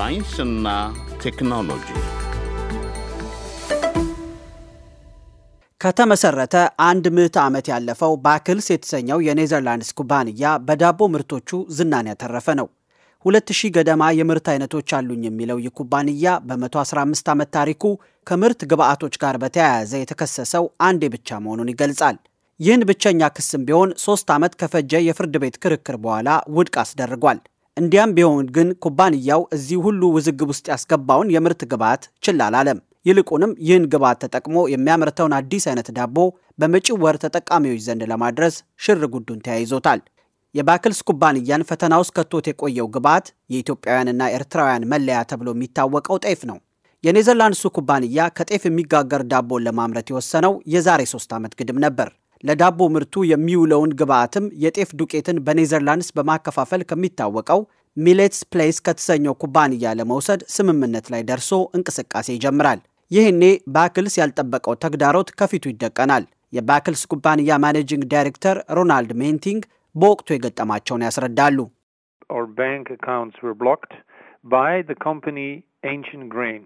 ሳይንስና ቴክኖሎጂ ከተመሰረተ አንድ ምዕት ዓመት ያለፈው ባክልስ የተሰኘው የኔዘርላንድስ ኩባንያ በዳቦ ምርቶቹ ዝናን ያተረፈ ነው። 2000 ገደማ የምርት አይነቶች አሉኝ የሚለው ይህ ኩባንያ በ115 ዓመት ታሪኩ ከምርት ግብዓቶች ጋር በተያያዘ የተከሰሰው አንዴ ብቻ መሆኑን ይገልጻል። ይህን ብቸኛ ክስም ቢሆን ሶስት ዓመት ከፈጀ የፍርድ ቤት ክርክር በኋላ ውድቅ አስደርጓል። እንዲያም ቢሆን ግን ኩባንያው እዚህ ሁሉ ውዝግብ ውስጥ ያስገባውን የምርት ግብዓት ችላ አላለም። ይልቁንም ይህን ግብዓት ተጠቅሞ የሚያመርተውን አዲስ አይነት ዳቦ በመጪው ወር ተጠቃሚዎች ዘንድ ለማድረስ ሽር ጉዱን ተያይዞታል። የባክልስ ኩባንያን ፈተና ውስጥ ከቶት የቆየው ግብዓት የኢትዮጵያውያንና ኤርትራውያን መለያ ተብሎ የሚታወቀው ጤፍ ነው። የኔዘርላንድሱ ኩባንያ ከጤፍ የሚጋገር ዳቦን ለማምረት የወሰነው የዛሬ ሶስት ዓመት ግድም ነበር። ለዳቦ ምርቱ የሚውለውን ግብአትም የጤፍ ዱቄትን በኔዘርላንድስ በማከፋፈል ከሚታወቀው ሚሌትስ ፕሌስ ከተሰኘው ኩባንያ ለመውሰድ ስምምነት ላይ ደርሶ እንቅስቃሴ ይጀምራል። ይህኔ ባክልስ ያልጠበቀው ተግዳሮት ከፊቱ ይደቀናል። የባክልስ ኩባንያ ማኔጂንግ ዳይሬክተር ሮናልድ ሜንቲንግ በወቅቱ የገጠማቸውን ያስረዳሉ። ባንክ አካውንትስ ብሎክድ ባይ ኮምፓኒ ኤንሽንት ግሬን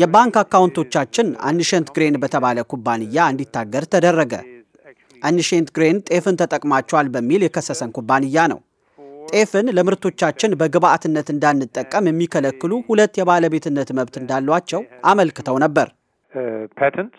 የባንክ አካውንቶቻችን አንሸንት ግሬን በተባለ ኩባንያ እንዲታገድ ተደረገ። አንሸንት ግሬን ጤፍን ተጠቅማቸዋል በሚል የከሰሰን ኩባንያ ነው። ጤፍን ለምርቶቻችን በግብአትነት እንዳንጠቀም የሚከለክሉ ሁለት የባለቤትነት መብት እንዳሏቸው አመልክተው ነበር። ፓተንት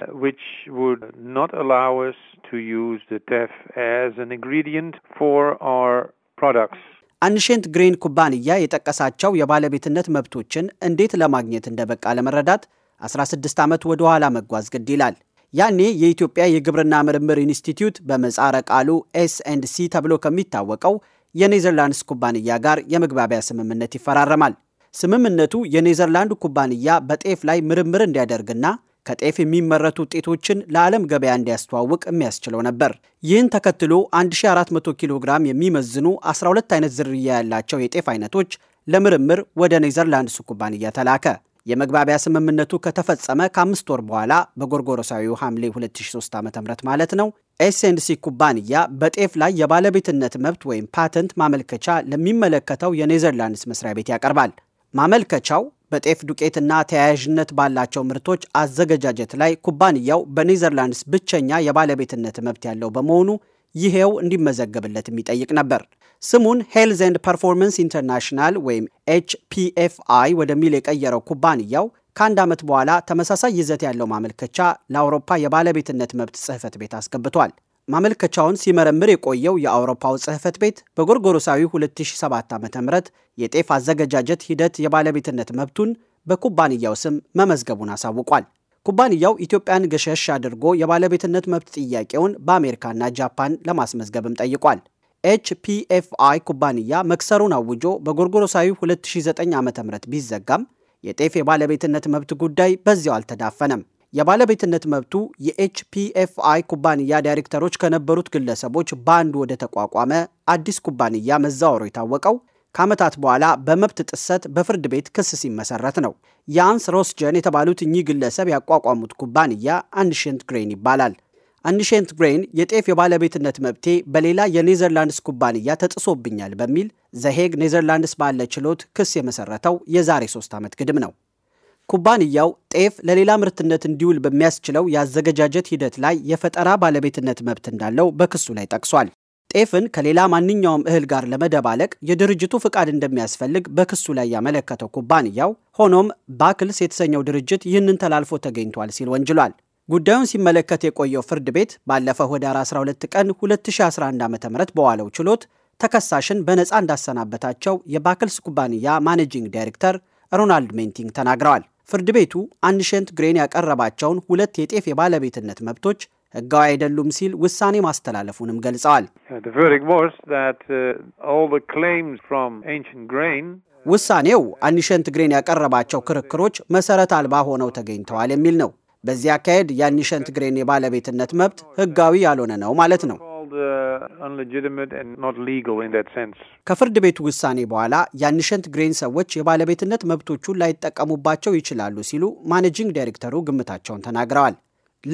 አንሸንት ግሬን ኩባንያ የጠቀሳቸው የባለቤትነት መብቶችን እንዴት ለማግኘት እንደበቃ ለመረዳት 16 ዓመት ወደ ኋላ መጓዝ ግድ ይላል። ያኔ የኢትዮጵያ የግብርና ምርምር ኢንስቲትዩት በመጻረ ቃሉ ኤስ ኤንድ ሲ ተብሎ ከሚታወቀው የኔዘርላንድስ ኩባንያ ጋር የመግባቢያ ስምምነት ይፈራረማል። ስምምነቱ የኔዘርላንድ ኩባንያ በጤፍ ላይ ምርምር እንዲያደርግና ከጤፍ የሚመረቱ ውጤቶችን ለዓለም ገበያ እንዲያስተዋውቅ የሚያስችለው ነበር። ይህን ተከትሎ 1400 ኪሎ ግራም የሚመዝኑ 12 አይነት ዝርያ ያላቸው የጤፍ አይነቶች ለምርምር ወደ ኔዘርላንድስ ኩባንያ ተላከ። የመግባቢያ ስምምነቱ ከተፈጸመ ከአምስት ወር በኋላ በጎርጎሮሳዊው ሐምሌ 2003 ዓ ም ማለት ነው። ኤስኤንሲ ኩባንያ በጤፍ ላይ የባለቤትነት መብት ወይም ፓተንት ማመልከቻ ለሚመለከተው የኔዘርላንድስ መስሪያ ቤት ያቀርባል። ማመልከቻው በጤፍ ዱቄትና ተያያዥነት ባላቸው ምርቶች አዘገጃጀት ላይ ኩባንያው በኔዘርላንድስ ብቸኛ የባለቤትነት መብት ያለው በመሆኑ ይሄው እንዲመዘገብለት የሚጠይቅ ነበር። ስሙን ሄልዝ ኤንድ ፐርፎርመንስ ኢንተርናሽናል ወይም ኤችፒኤፍአይ ወደሚል የቀየረው ኩባንያው ከአንድ ዓመት በኋላ ተመሳሳይ ይዘት ያለው ማመልከቻ ለአውሮፓ የባለቤትነት መብት ጽሕፈት ቤት አስገብቷል። ማመልከቻውን ሲመረምር የቆየው የአውሮፓው ጽህፈት ቤት በጎርጎሮሳዊ 2007 ዓ ም የጤፍ አዘገጃጀት ሂደት የባለቤትነት መብቱን በኩባንያው ስም መመዝገቡን አሳውቋል። ኩባንያው ኢትዮጵያን ገሸሽ አድርጎ የባለቤትነት መብት ጥያቄውን በአሜሪካና ጃፓን ለማስመዝገብም ጠይቋል። ኤችፒኤፍአይ ኩባንያ መክሰሩን አውጆ በጎርጎሮሳዊ 2009 ዓ ም ቢዘጋም የጤፍ የባለቤትነት መብት ጉዳይ በዚያው አልተዳፈነም። የባለቤትነት መብቱ የኤችፒኤፍአይ ኩባንያ ዳይሬክተሮች ከነበሩት ግለሰቦች በአንዱ ወደ ተቋቋመ አዲስ ኩባንያ መዛወሩ የታወቀው ከዓመታት በኋላ በመብት ጥሰት በፍርድ ቤት ክስ ሲመሰረት ነው። ያንስ ሮስጀን የተባሉት እኚህ ግለሰብ ያቋቋሙት ኩባንያ አንሽንት ግሬን ይባላል። አንሽንት ግሬን የጤፍ የባለቤትነት መብቴ በሌላ የኔዘርላንድስ ኩባንያ ተጥሶብኛል በሚል ዘሄግ ኔዘርላንድስ ባለ ችሎት ክስ የመሰረተው የዛሬ ሶስት ዓመት ግድም ነው። ኩባንያው ጤፍ ለሌላ ምርትነት እንዲውል በሚያስችለው የአዘገጃጀት ሂደት ላይ የፈጠራ ባለቤትነት መብት እንዳለው በክሱ ላይ ጠቅሷል። ጤፍን ከሌላ ማንኛውም እህል ጋር ለመደባለቅ የድርጅቱ ፍቃድ እንደሚያስፈልግ በክሱ ላይ ያመለከተው ኩባንያው፣ ሆኖም ባክልስ የተሰኘው ድርጅት ይህንን ተላልፎ ተገኝቷል ሲል ወንጅሏል። ጉዳዩን ሲመለከት የቆየው ፍርድ ቤት ባለፈው ኅዳር 12 ቀን 2011 ዓ ም በዋለው ችሎት ተከሳሽን በነፃ እንዳሰናበታቸው የባክልስ ኩባንያ ማኔጂንግ ዳይሬክተር ሮናልድ ሜንቲንግ ተናግረዋል። ፍርድ ቤቱ አንሸንት ግሬን ያቀረባቸውን ሁለት የጤፍ የባለቤትነት መብቶች ሕጋዊ አይደሉም ሲል ውሳኔ ማስተላለፉንም ገልጸዋል። uh, uh, ውሳኔው አንሸንት ግሬን ያቀረባቸው ክርክሮች መሰረት አልባ ሆነው ተገኝተዋል የሚል ነው። በዚህ አካሄድ የአንሸንት ግሬን የባለቤትነት መብት ሕጋዊ ያልሆነ ነው ማለት ነው። Uh, ከፍርድ ቤቱ ውሳኔ በኋላ የአንሸንት ግሬን ሰዎች የባለቤትነት መብቶቹን ላይጠቀሙባቸው ይችላሉ ሲሉ ማኔጂንግ ዳይሬክተሩ ግምታቸውን ተናግረዋል።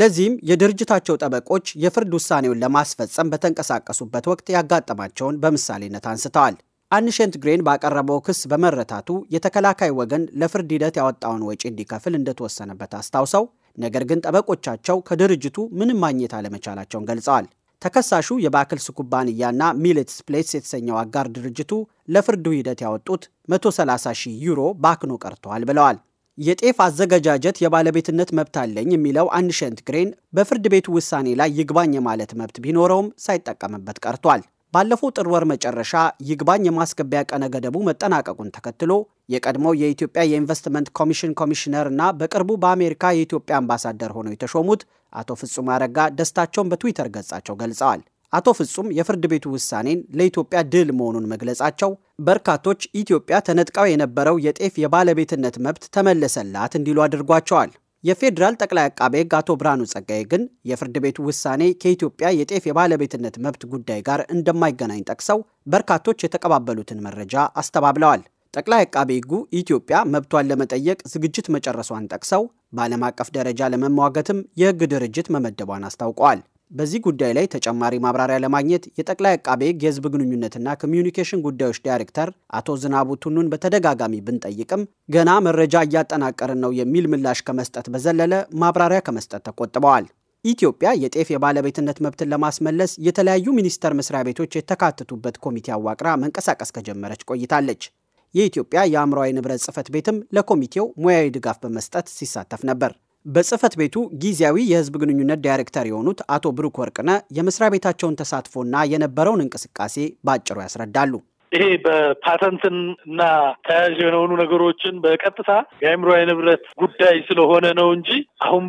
ለዚህም የድርጅታቸው ጠበቆች የፍርድ ውሳኔውን ለማስፈጸም በተንቀሳቀሱበት ወቅት ያጋጠማቸውን በምሳሌነት አንስተዋል። አንሸንት ግሬን ባቀረበው ክስ በመረታቱ የተከላካይ ወገን ለፍርድ ሂደት ያወጣውን ወጪ እንዲከፍል እንደተወሰነበት አስታውሰው ነገር ግን ጠበቆቻቸው ከድርጅቱ ምንም ማግኘት አለመቻላቸውን ገልጸዋል። ተከሳሹ የባክልስ ኩባንያና ሚሌትስ ፕሌስ የተሰኘው አጋር ድርጅቱ ለፍርዱ ሂደት ያወጡት 130 ሺህ ዩሮ ባክኖ ቀርተዋል ብለዋል። የጤፍ አዘገጃጀት የባለቤትነት መብት አለኝ የሚለው አንሸንት ግሬን በፍርድ ቤቱ ውሳኔ ላይ ይግባኝ የማለት መብት ቢኖረውም ሳይጠቀምበት ቀርቷል። ባለፈው ጥር ወር መጨረሻ ይግባኝ የማስገቢያ ቀነ ገደቡ መጠናቀቁን ተከትሎ የቀድሞው የኢትዮጵያ የኢንቨስትመንት ኮሚሽን ኮሚሽነር እና በቅርቡ በአሜሪካ የኢትዮጵያ አምባሳደር ሆነው የተሾሙት አቶ ፍጹም አረጋ ደስታቸውን በትዊተር ገጻቸው ገልጸዋል። አቶ ፍጹም የፍርድ ቤቱ ውሳኔን ለኢትዮጵያ ድል መሆኑን መግለጻቸው በርካቶች ኢትዮጵያ ተነጥቀው የነበረው የጤፍ የባለቤትነት መብት ተመለሰላት እንዲሉ አድርጓቸዋል። የፌዴራል ጠቅላይ አቃቤ ሕግ አቶ ብርሃኑ ጸጋዬ ግን የፍርድ ቤቱ ውሳኔ ከኢትዮጵያ የጤፍ የባለቤትነት መብት ጉዳይ ጋር እንደማይገናኝ ጠቅሰው በርካቶች የተቀባበሉትን መረጃ አስተባብለዋል። ጠቅላይ አቃቤ ሕጉ ኢትዮጵያ መብቷን ለመጠየቅ ዝግጅት መጨረሷን ጠቅሰው በዓለም አቀፍ ደረጃ ለመሟገትም የሕግ ድርጅት መመደቧን አስታውቀዋል። በዚህ ጉዳይ ላይ ተጨማሪ ማብራሪያ ለማግኘት የጠቅላይ አቃቤ ሕግ የህዝብ ግንኙነትና ኮሚዩኒኬሽን ጉዳዮች ዳይሬክተር አቶ ዝናቡ ቱኑን በተደጋጋሚ ብንጠይቅም ገና መረጃ እያጠናቀርን ነው የሚል ምላሽ ከመስጠት በዘለለ ማብራሪያ ከመስጠት ተቆጥበዋል። ኢትዮጵያ የጤፍ የባለቤትነት መብትን ለማስመለስ የተለያዩ ሚኒስቴር መስሪያ ቤቶች የተካተቱበት ኮሚቴ አዋቅራ መንቀሳቀስ ከጀመረች ቆይታለች። የኢትዮጵያ የአእምሯዊ ንብረት ጽህፈት ቤትም ለኮሚቴው ሙያዊ ድጋፍ በመስጠት ሲሳተፍ ነበር። በጽህፈት ቤቱ ጊዜያዊ የህዝብ ግንኙነት ዳይሬክተር የሆኑት አቶ ብሩክ ወርቅነ የመስሪያ ቤታቸውን ተሳትፎና የነበረውን እንቅስቃሴ በአጭሩ ያስረዳሉ። ይሄ በፓተንትን እና ተያያዥ የሆኑ ነገሮችን በቀጥታ የአእምሮ ንብረት ጉዳይ ስለሆነ ነው እንጂ አሁን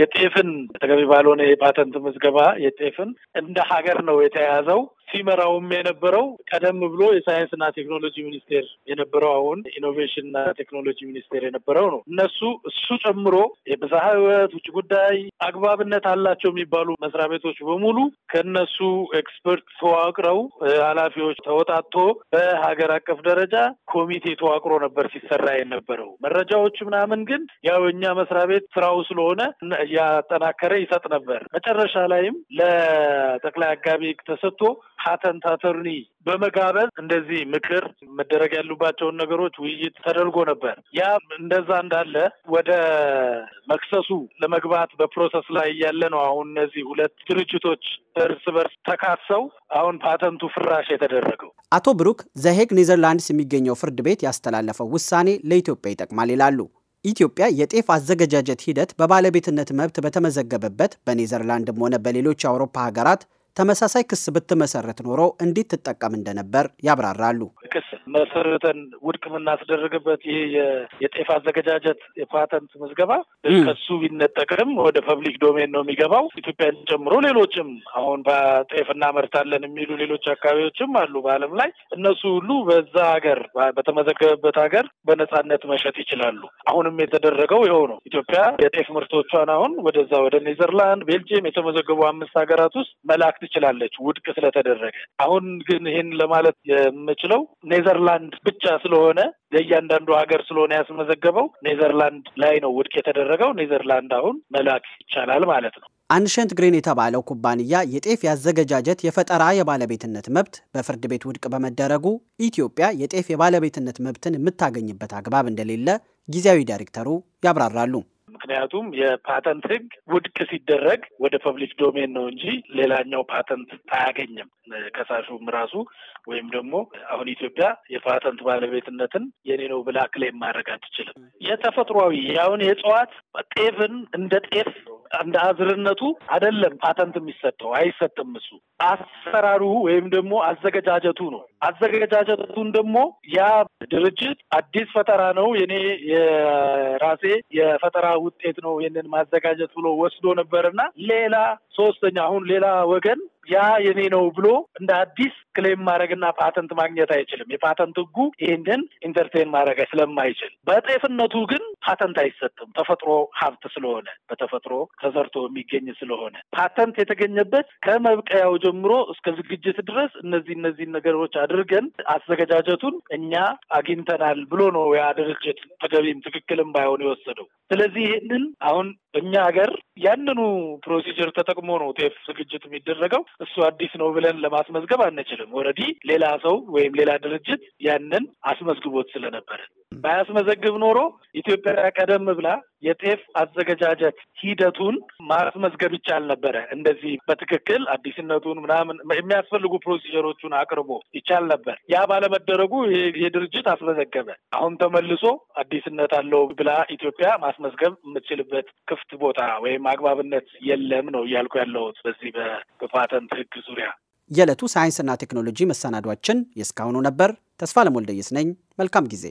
የጤፍን ተገቢ ባልሆነ የፓተንት ምዝገባ የጤፍን እንደ ሀገር ነው የተያያዘው። ሲመራውም የነበረው ቀደም ብሎ የሳይንስና ቴክኖሎጂ ሚኒስቴር የነበረው አሁን ኢኖቬሽንና ቴክኖሎጂ ሚኒስቴር የነበረው ነው። እነሱ እሱ ጨምሮ የብዝሃ ሕይወት፣ ውጭ ጉዳይ አግባብነት አላቸው የሚባሉ መስሪያ ቤቶች በሙሉ ከነሱ ኤክስፐርት ተዋቅረው ኃላፊዎች ተወጣቶ በሀገር አቀፍ ደረጃ ኮሚቴ ተዋቅሮ ነበር ሲሰራ የነበረው። መረጃዎች ምናምን ግን ያው እኛ መስሪያ ቤት ስራው ስለሆነ እያጠናከረ ይሰጥ ነበር። መጨረሻ ላይም ለጠቅላይ አጋቢ ተሰጥቶ ፓተንት አተርኒ በመጋበዝ እንደዚህ ምክር መደረግ ያሉባቸውን ነገሮች ውይይት ተደርጎ ነበር። ያ እንደዛ እንዳለ ወደ መክሰሱ ለመግባት በፕሮሰስ ላይ እያለ ነው አሁን እነዚህ ሁለት ድርጅቶች እርስ በርስ ተካሰው አሁን ፓተንቱ ፍራሽ የተደረገው። አቶ ብሩክ ሉክ ዘሄግ ኔዘርላንድስ የሚገኘው ፍርድ ቤት ያስተላለፈው ውሳኔ ለኢትዮጵያ ይጠቅማል ይላሉ። ኢትዮጵያ የጤፍ አዘገጃጀት ሂደት በባለቤትነት መብት በተመዘገበበት በኔዘርላንድም ሆነ በሌሎች የአውሮፓ ሀገራት ተመሳሳይ ክስ ብትመሰረት ኖሮ እንዴት ትጠቀም እንደነበር ያብራራሉ። ክስ መሰረተን ውድቅ የምናስደርግበት ይሄ የጤፍ አዘገጃጀት የፓተንት ምዝገባ ከሱ ቢነጠቅም ወደ ፐብሊክ ዶሜን ነው የሚገባው። ኢትዮጵያን ጨምሮ ሌሎችም አሁን በጤፍ እናመርታለን የሚሉ ሌሎች አካባቢዎችም አሉ በዓለም ላይ እነሱ ሁሉ በዛ ሀገር በተመዘገበበት ሀገር በነፃነት መሸጥ ይችላሉ። አሁንም የተደረገው ይኸው ነው። ኢትዮጵያ የጤፍ ምርቶቿን አሁን ወደዛ ወደ ኔዘርላንድ፣ ቤልጅየም የተመዘገቡ አምስት ሀገራት ውስጥ መላክ ትችላለች ውድቅ ስለተደረገ። አሁን ግን ይህን ለማለት የምችለው ኔዘርላንድ ብቻ ስለሆነ የእያንዳንዱ ሀገር ስለሆነ ያስመዘገበው ኔዘርላንድ ላይ ነው ውድቅ የተደረገው። ኔዘርላንድ አሁን መላክ ይቻላል ማለት ነው። አንሸንት ግሬን የተባለው ኩባንያ የጤፍ ያዘገጃጀት የፈጠራ የባለቤትነት መብት በፍርድ ቤት ውድቅ በመደረጉ ኢትዮጵያ የጤፍ የባለቤትነት መብትን የምታገኝበት አግባብ እንደሌለ ጊዜያዊ ዳይሬክተሩ ያብራራሉ። ምክንያቱም የፓተንት ህግ ውድቅ ሲደረግ ወደ ፐብሊክ ዶሜን ነው እንጂ ሌላኛው ፓተንት አያገኝም። ከሳሹም ራሱ ወይም ደግሞ አሁን ኢትዮጵያ የፓተንት ባለቤትነትን የኔ ነው ብላ ክሌም ማድረግ አትችልም። የተፈጥሯዊ ያሁን የእጽዋት ጤፍን እንደ ጤፍ እንደ አዝርነቱ አይደለም ፓተንት የሚሰጠው አይሰጥም። እሱ አሰራሩ ወይም ደግሞ አዘገጃጀቱ ነው አዘገጃጀቱን ደግሞ ያ ድርጅት አዲስ ፈጠራ ነው የኔ የራሴ የፈጠራ ውጤት ነው ይንን ማዘጋጀት ብሎ ወስዶ ነበርና ሌላ ሶስተኛ አሁን ሌላ ወገን ያ የኔ ነው ብሎ እንደ አዲስ ክሌም ማድረግና ፓተንት ማግኘት አይችልም። የፓተንት ህጉ ይህንን ኢንተርቴን ማድረግ ስለማይችል በጤፍነቱ ግን ፓተንት አይሰጥም። ተፈጥሮ ሀብት ስለሆነ በተፈጥሮ ተዘርቶ የሚገኝ ስለሆነ ፓተንት የተገኘበት ከመብቀያው ጀምሮ እስከ ዝግጅት ድረስ እነዚህ እነዚህን ነገሮች አድርገን አዘገጃጀቱን እኛ አግኝተናል ብሎ ነው ያ ድርጅት ተገቢም ትክክልም ባይሆን የወሰደው። ስለዚህ ይህንን አሁን እኛ ሀገር ያንኑ ፕሮሲጀር ተጠቅሞ ነው ጤፍ ዝግጅት የሚደረገው። እሱ አዲስ ነው ብለን ለማስመዝገብ አንችልም። ወረዲ ሌላ ሰው ወይም ሌላ ድርጅት ያንን አስመዝግቦት ስለነበረ ባያስመዘግብ ኖሮ ኢትዮጵያ ቀደም ብላ የጤፍ አዘገጃጀት ሂደቱን ማስመዝገብ ይቻል ነበረ። እንደዚህ በትክክል አዲስነቱን ምናምን የሚያስፈልጉ ፕሮሲጀሮቹን አቅርቦ ይቻል ነበር። ያ ባለመደረጉ ይሄ ድርጅት አስመዘገበ። አሁን ተመልሶ አዲስነት አለው ብላ ኢትዮጵያ ማስመዝገብ የምትችልበት ክፍ ክፍት ቦታ ወይም አግባብነት የለም ነው እያልኩ ያለሁት በዚህ በፓተንት ሕግ ዙሪያ። የዕለቱ ሳይንስና ቴክኖሎጂ መሰናዷችን የእስካሁኑ ነበር። ተስፋ ለሞልደየስ ነኝ። መልካም ጊዜ።